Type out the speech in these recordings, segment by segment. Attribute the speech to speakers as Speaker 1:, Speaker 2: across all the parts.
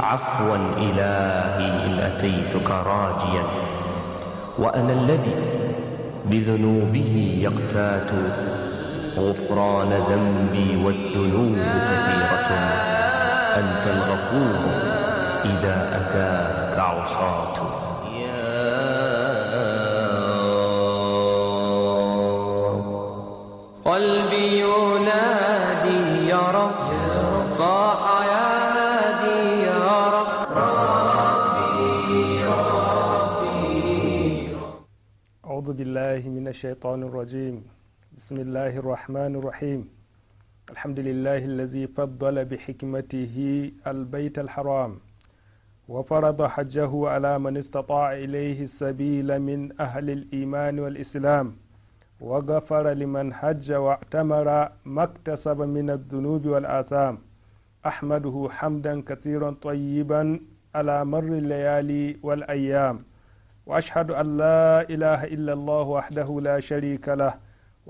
Speaker 1: عفوا إلهي إن أتيتك راجيا وأنا الذي بذنوبه يقتات غفران ذنبي والذنوب كثيرة أنت الغفور إذا أتاك عصاته قلبي ينادي يا رب بالله من الشيطان الرجيم بسم الله الرحمن الرحيم الحمد لله الذي فضل بحكمته البيت الحرام وفرض حجه على من استطاع إليه السبيل من أهل الإيمان والإسلام وغفر لمن حج واعتمر ما اكتسب من الذنوب والآثام أحمده حمدا كثيرا طيبا على مر الليالي والأيام واشهد ان لا اله الا الله وحده لا شريك له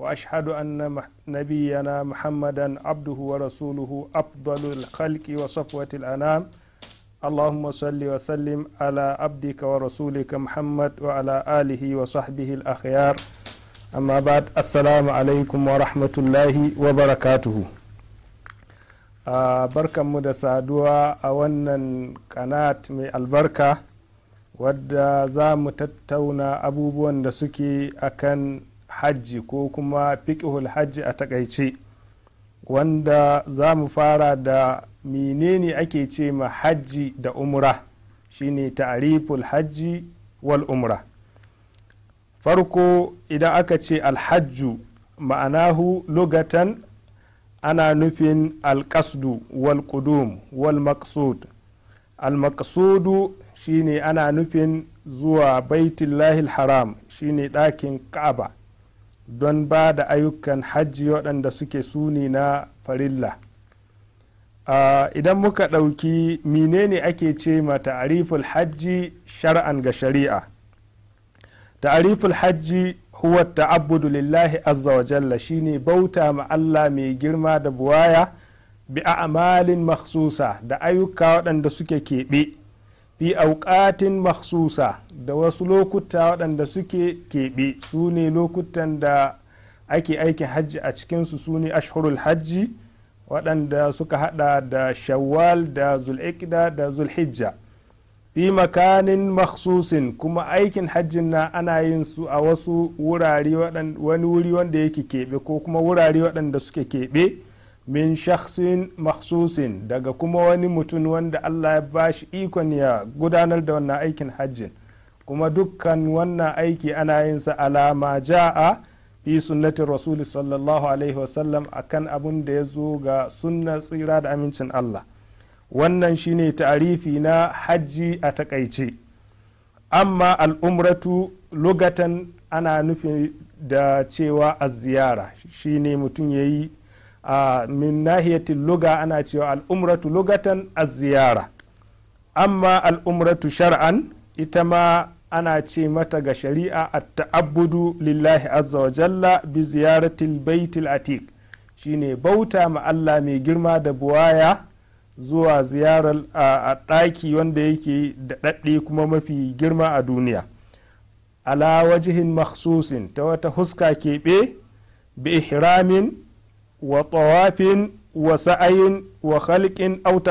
Speaker 1: واشهد ان نبينا محمدا عبده ورسوله افضل الخلق وصفوه الانام اللهم صل وسلم على عبدك ورسولك محمد وعلى اله وصحبه الاخيار amma ba assalamu alaikum wa rahmatullahi wa barakatuhu barkanmu da saduwa a wannan kanat mai albarka wadda za mu tattauna abubuwan da suke akan hajji ko kuma fiƙihul hajji a takaice wanda za mu fara da menene ake ce ma hajji da umra shine ta'riful hajji wal umra farko idan aka ce alhajju ma'anahu lugatan ana nufin alƙasdu wal ƙudum wal maqsud al maqsudu shine ana nufin zuwa baitullahil haram shine ɗakin ka'aba don ba da ayyukan hajji waɗanda suke suni na farilla idan muka ɗauki menene ake ce ma ta'ariful hajji shar'an ga shari'a ta'ariful hajji huwa ta'abbudu lillahi azza wa jalla shine bauta ma Allah mai girma da buwaya bi a'malin maksusa da ayyuka waɗanda suke keɓe fi auƙatin maksusa da wasu lokuta waɗanda suke keɓe su ne lokutan da ake aikin hajji a cikinsu su ne ashurul hajji waɗanda suka haɗa da shawwal da zul'ikda da zulhijja fi makanin maksusin kuma aikin hajji na ana yin su a wasu wurare wani wuri wanda yake keɓe ko kuma wurare waɗanda suke keɓe min shakhsin maksusin daga kuma wani mutum wanda allah ya bashi ikon ya gudanar da wannan aikin hajjin kuma dukkan wannan aiki ana yin sa alama ja'a fi sunnatin rasuli sallallahu alaihi wasallam akan abin da ya zo ga sunna tsira da amincin allah wannan shine ta'arifi na hajji a takaice amma al'umratu lugatan ana nufi da cewa a ziyara shine mutum ya yi min nahiyatin luga ana cewa al'umratu lugatan aziyara ziyara amma al'umratu shar'an ita ma ana ce mata ga shari'a a ta'abbudu lillahi azza wa jalla bi ziyaratil baitil atik shine bauta ma Allah mai girma da buwaya zuwa ziyarar a ɗaki wanda yake da daɗe kuma mafi girma a duniya ala wajihin maksusin ta wata huska keɓe bi ihramin wa tawafin wa sa'ayin wa au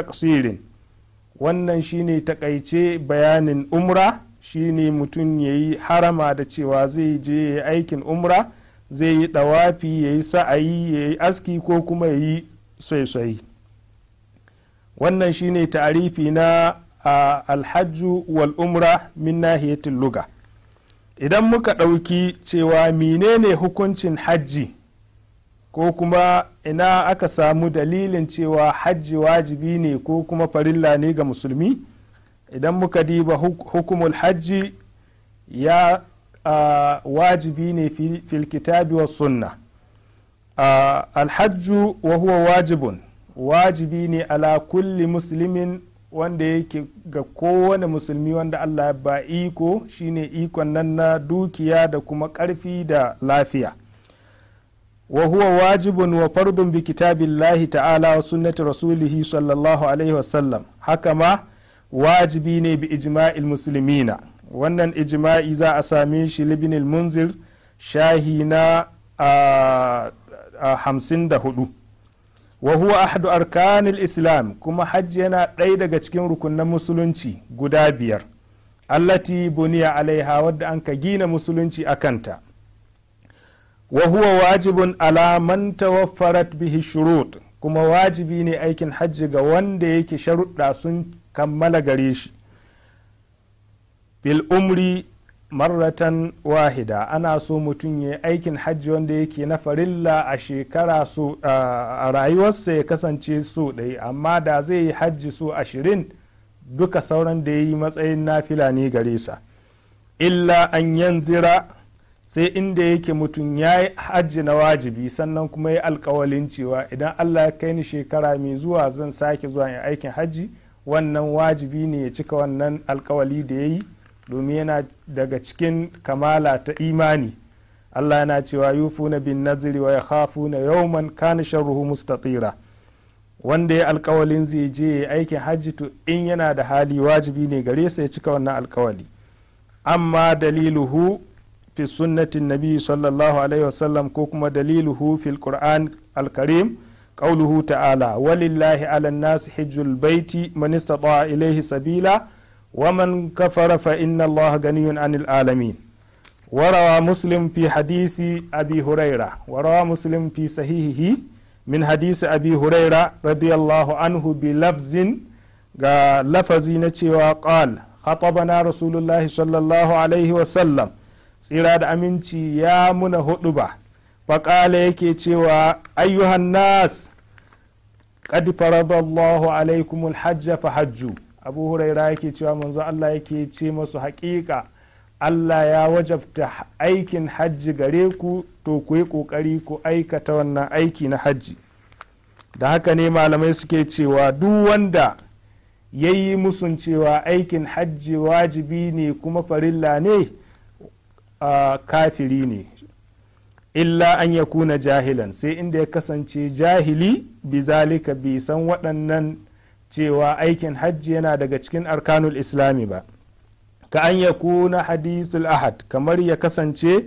Speaker 1: wannan shine taƙaice bayanin umra shine mutum ya yi harama da cewa zai je ya aikin umra zai yi dawafi ya yi sa'ayi ya yi aski ko kuma ya yi saisayi wannan shine ta'arifi na alhajju wal umra min nahiyatin luga idan muka ɗauki cewa menene hukuncin hajji ko kuma ina aka samu dalilin cewa hajji wajibi ne ko kuma farilla ne ga musulmi idan muka diba hukumul hajji ya wajibi ne fil kitabi wa sunna alhajju wa huwa wajibun wajibi ne ala kulli muslimin wanda yake ga kowane musulmi wanda allah ba iko shine ikon nan na dukiya da kuma ƙarfi da lafiya wa huwa wajibun wa fardun bi kitabillahi ta'ala wa sunnati rasulihi sallallahu alaihi wasallam haka ma wajibi ne bi ijma'il musulmina. wannan ijma'i za a same shi libinil munzir shahi na hamsin da hudu wa huwa ahadu arkanil islam kuma hajji yana ɗaya daga cikin rukunan musulunci guda biyar allati buniya alaiha wadda an ka gina musulunci a kanta wa huwa wajibun ala man tawaffarat bihi shurut kuma wajibi ne aikin hajji ga wanda yake sharuɗa sun kammala gare shi bil umri marratan wahida ana so mutum ya aikin hajji wanda yake na farilla a shekara su a rayuwarsa ya kasance so ɗai amma da zai yi hajji so ashirin duka sauran da ya yi matsayin nafila ne gare sa illa an yanzira sai inda yake mutum ya yi hajji na wajibi sannan kuma ya alkawalin cewa idan allah ya kai ni shekara mai zuwa zan sake zuwa yin aikin hajji wannan wajibi ne ya cika wannan alkawali da ya yi domin yana daga cikin kamala ta imani allah yana cewa yufu na bin naziri wa yakhafuna yawman kana sharruhu mustatira wanda ya alkawalin zai je ya aikin hajji to in yana da hali wajibi ne gare sa ya cika wannan alkawali amma daliluhu fi sunnatin nabi sallallahu alaihi wasallam ko kuma daliluhu fil qur'an alkarim qauluhu ta'ala walillahi ala nas hijjul baiti man istata'a ilayhi sabila wa man kafara fa inna allaha ganiyun anil alamin وروى مسلم في حديث أبي هريرة وروى مسلم في صحيحه من حديث أبي هريرة رضي الله عنه بلفظ لفظ نتشي وقال خطبنا رسول الله صلى الله عليه وسلم tsira da aminci ya muna hudu ba faƙala yake cewa ayyuhan nas qad faradallahu alaikumul hajja fa hajju abu huraira yake cewa manzo Allah yake ce masu haƙiƙa Allah ya wajabta aikin hajji gare ku to ku yi ƙoƙari ku aikata wannan aiki na hajji da haka ne malamai suke cewa duk wanda ya yi musun cewa aikin hajji wajibi ne kuma farilla ne kafiri ne illa an ya kuna jahilan sai inda ya kasance jahili bizalika bi san waɗannan cewa aikin hajji yana daga cikin arkanul islami ba ka an ya kuna hadisul ahad kamar ya kasance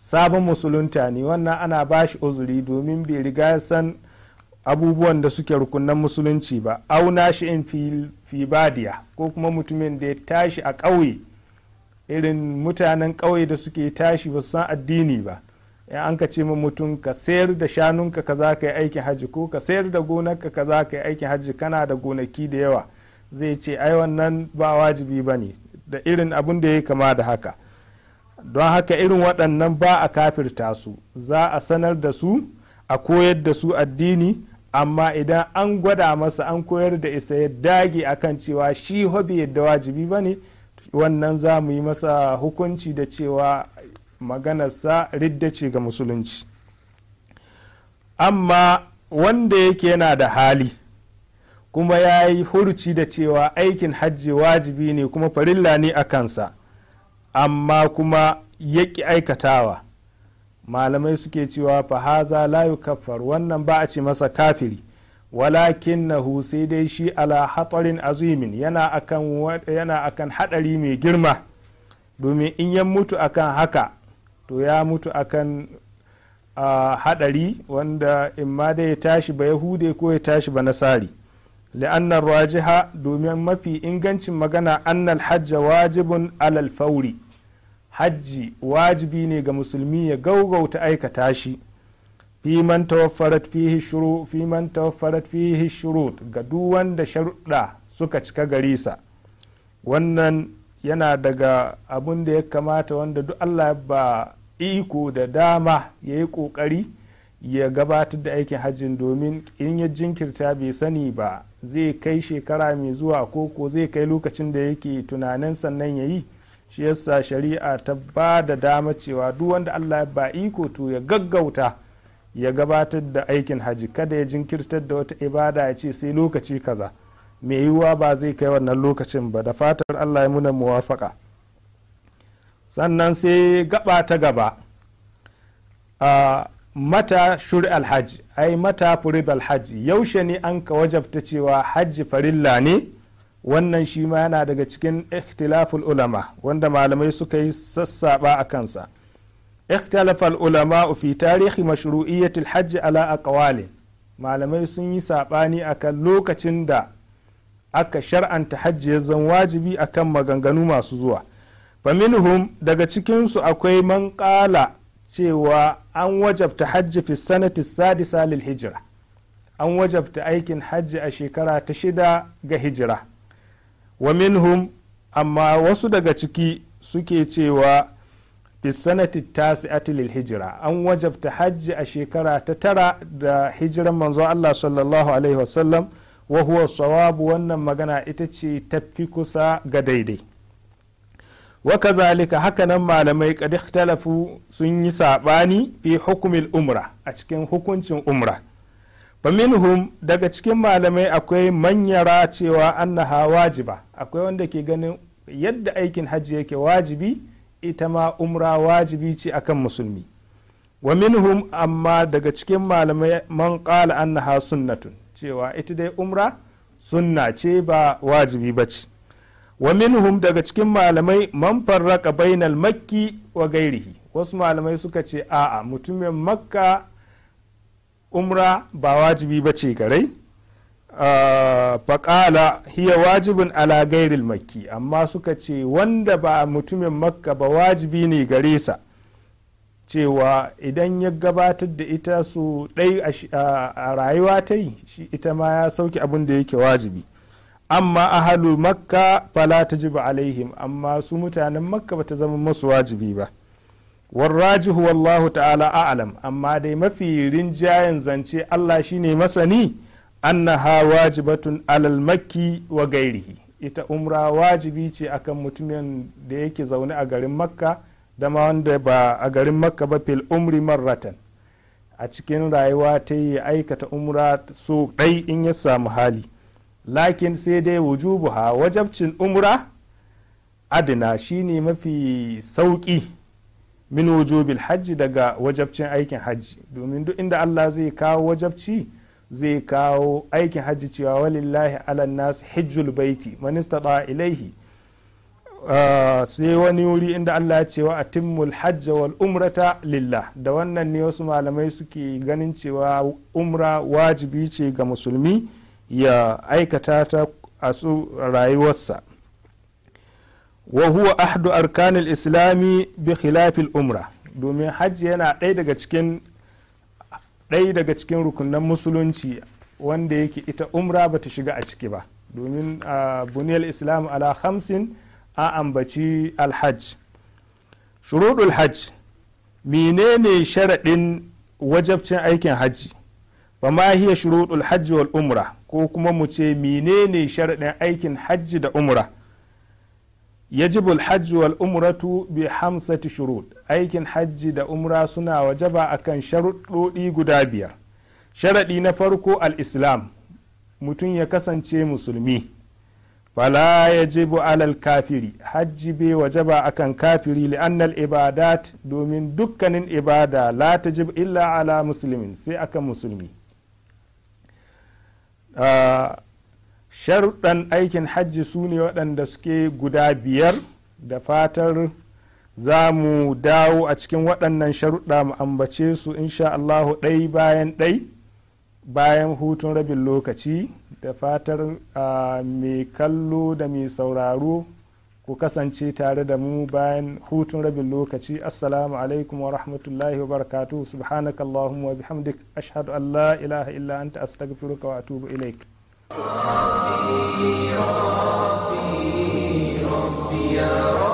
Speaker 1: sabon musulunta ne wannan ana ba shi uzuri domin bai riga san abubuwan da suke rukunan musulunci ba auna shi in fi badiya ko kuma mutumin da ya tashi a ƙauye irin mutanen ƙauye da suke tashi ba su san addini ba in an ka ce ma mutum ka sayar da shanunka ka za ka yi aikin hajji ko ka sayar da gonarka ka za ka yi aikin hajji kana da gonaki da yawa zai ce ai wannan ba wajibi ba ne da irin abun da ya kama da haka don haka irin waɗannan ba a kafirta su za a sanar da su a koyar da su addini amma idan an gwada masa an koyar da isa ya dage akan cewa shi hobi yadda wajibi ba ne wannan za mu yi masa hukunci da cewa maganarsa ridda ce ga musulunci amma wanda yake yana da hali kuma ya yi hurci da cewa aikin hajji wajibi ne kuma farilla ne a kansa amma kuma ya ƙi aikatawa malamai suke cewa fahaza layu kafar wannan ba a ce masa kafiri walakin na sai dai shi ala hatsarin azimin yana akan hadari mai girma domin in ya mutu akan haka to ya mutu akan hadari wanda in ma da ya tashi ba yahude ko ya tashi ba nasari la'annar rajiha domin mafi ingancin magana annal hajja wajibun alal fauri hajji wajibi ne ga musulmi ya gaugauta aikata shi fi man tawaffarat fihi shuru fi man ga duk wanda sharuɗa suka cika garisa wannan yana daga abun da ya kamata wanda duk Allah ba iko da dama ya yi ƙoƙari ya gabatar da aikin hajjin domin in ya jinkirta bai sani ba zai kai shekara mai zuwa ko ko zai kai lokacin da yake tunanin sannan ya yi shi yasa shari'a ta ba da dama cewa duk wanda Allah ba iko to ya gaggauta ya gabatar da aikin haji kada ya jinkirtar da wata ibada ya ce sai lokaci kaza mai yiwuwa ba zai kai wannan lokacin ba da fatar allah ya muna muwafaka sannan sai gaba ta gaba a mata shuri alhaji ai mata furid alhaji yaushe ne an ka wajabta cewa hajji farilla ne wannan shi ma yana daga cikin ikhtilaful ulama wanda malamai suka yi sassaba a kansa اختلف العلماء tarihi تاريخ مشروعية الحج على أقوال malamai sun yi saɓani akan lokacin da aka shar'anta hajji ya zan wajibi akan maganganu masu zuwa faminhum daga cikinsu akwai man ƙala cewa an wajabta hajji fi sanati sadisa lil hijira an wajabta aikin hajji a shekara ta shida ga hijira wa minhum amma wasu daga ciki suke cewa bisanati tasi'ati hijira an wajabta hajji a shekara ta tara da hijiran manzo Allah sallallahu alaihi wasallam wa huwa sawabu wannan magana ita ce tafi kusa ga daidai wa kazalika hakanan malamai qad ikhtalafu sun yi sabani fi hukmil umra a cikin hukuncin umra faminhum daga cikin malamai akwai manyara cewa annaha wajiba akwai wanda ke ganin yadda aikin hajji yake wajibi ita ma umra wajibi ce akan musulmi wa minhum amma daga cikin malamai man qala annaha sunnatun cewa ita dai umra sunna ce ba wajibi ba ce wa minhum daga cikin malamai man farraka bainal makki wa gairihi wasu malamai suka ce a'a mutumin makka umra ba wajibi ba ce garai faƙala hiya wajibin ala gairil makki amma suka ce wanda ba mutumin makka ba wajibi ne gare sa cewa idan ya gabatar da ita su ɗai a rayuwa ta yi shi ita ma ya sauke abin da yake wajibi amma ahalu makka fala ta ji ba alaihim amma su mutanen makka ba ta zama masu wajibi ba warrajihu wallahu ta'ala a'alam amma dai mafi rinjayen zance allah shine masani annaha wajibatun alal makki wa gairihi ita umra wajibi ce akan mutumin da yake zaune a garin makka Dama wanda ba a garin makka ba fil umri marratan a cikin rayuwa ta yi aikata umra so ɗai in ya samu hali lakin sai dai wujubuha wajabcin umra adina shine mafi sauƙi min wujubil hajji daga wajabcin aikin hajji domin duk inda allah zai kawo wajabci zai kawo aikin hajji cewa walillahi alan nas hijjul baiti manista da ilaihi ah, sai wani wuri inda Allah ya cewa atimmul hajja wal umrata lillah da wannan ne wasu malamai suke ganin cewa umra wajibi ce ga musulmi ya aikata ta a su rayuwarsa wa huwa ahdu arkanil islami bi khilafil umra domin hajji yana ɗaya daga cikin ɗaya daga cikin rukunan musulunci wanda yake ita umra ba ta shiga a ciki ba domin a buniyar islam ala hamsin a ambaci alhaj shuruɗul hajj menene sharaɗin wajabcin aikin hajji ba ma shuruɗul hajji wal umra ko kuma mu ce menene sharaɗin aikin hajji da umra yajibul hajji wal umratu bi hamsati shurut aikin hajji da umra suna wajaba akan sharuɗoɗi guda biyar sharaɗi na farko al-islam mutum ya kasance musulmi fala yajibu alal kafiri hajji bai wajaba akan kafiri li'annal ibadat domin dukkanin ibada la tajib illa ala musulmin sai akan musulmi sharuɗan aikin hajji su ne waɗanda suke guda biyar da fatar za mu dawo a cikin waɗannan sharuɗa mu ambace su insha Allahu ɗai bayan ɗai bayan hutun rabin lokaci da fatar mai kallo da mai sauraro ku kasance tare da mu bayan hutun rabin lokaci assalamu alaikum wa rahmatullahi wa barakatuhu subhanakallahumma wa bihamdik ashhadu an la ilaha illa anta astaghfiruka wa atubu ilaik Rabbi, Rabbi, Rabbi, Rabbi.